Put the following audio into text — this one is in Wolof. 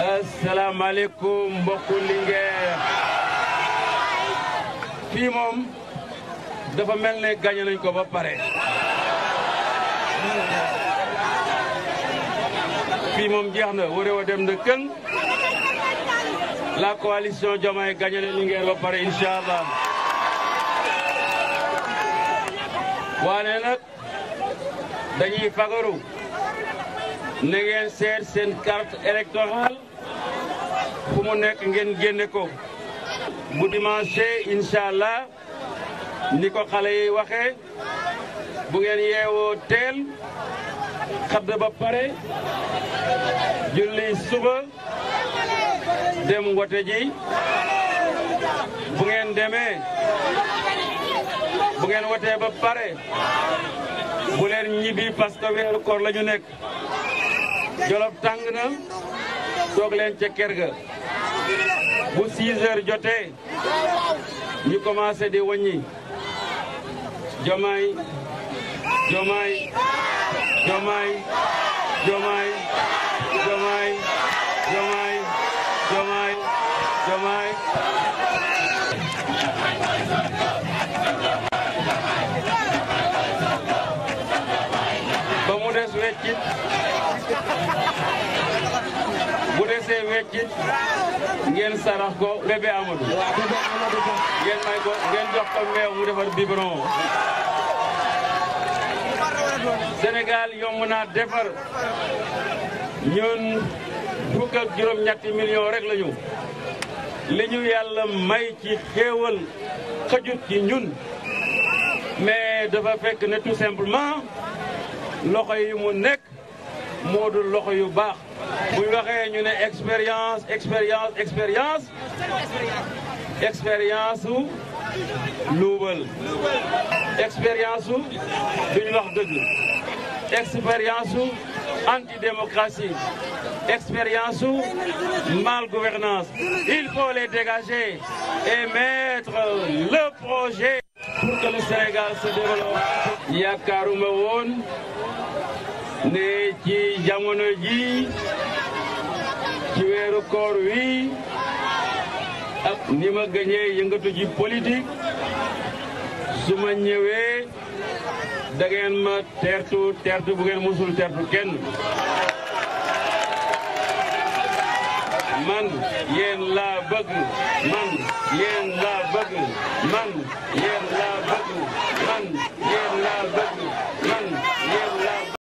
asalaamaaleykum mbokku Linguère fii moom dafa mel ne gagné nañ ko ba pare. fii moom jeex na wëree wa dem na kën la coalition Diomaye gagné na Linguère ba pare incha allah. waane nag dañuy fagaru na ngeen seet seen carte électorale. fu mu nekk ngeen génne ko bu dimanche incha allah ni ko xale yi waxee bu ngeen yeewoo teel xabda ba pare julli suba dem wote ji bu ngeen demee bu ngeen wotee ba pare bu leen ñibbi parce que weeru koor la ñu nekk Jolof tàng na toog leen ca kër ga bu 6 heures jotee ñu commencé di wàññi jomaay jomaay jomaay jomaay jomaay jomaay jomaay jomaay ba mu des weccit feesee weccit mu defar biberon Sénégal yomb naa defar ñun fukk juróom-ñetti million rek la ñu li ñu yàlla may ci xéewal xajut ci ñun mais dafa fekk ne tout simplement loxo yi mu nekk moo dul loxo yu baax bu ñu waxee ñu ne expérience expérience expérience expérience su luubal expérience su duñu wax dëgg expérience su antidémocratie expérience ou mal gouvernance. Il faut les dégager et mettre le projet pour que le Sénégal se développe. yaakaaruma woon ne ci jamono ji ci weeru koor wii ak ni ma gañee yëngatu ci politique su ma ñëwee da ngeen ma teertu teertu bu ngeen musul teertu kenn man yéen laa bëgg man yéen laa bëgg man yéen laa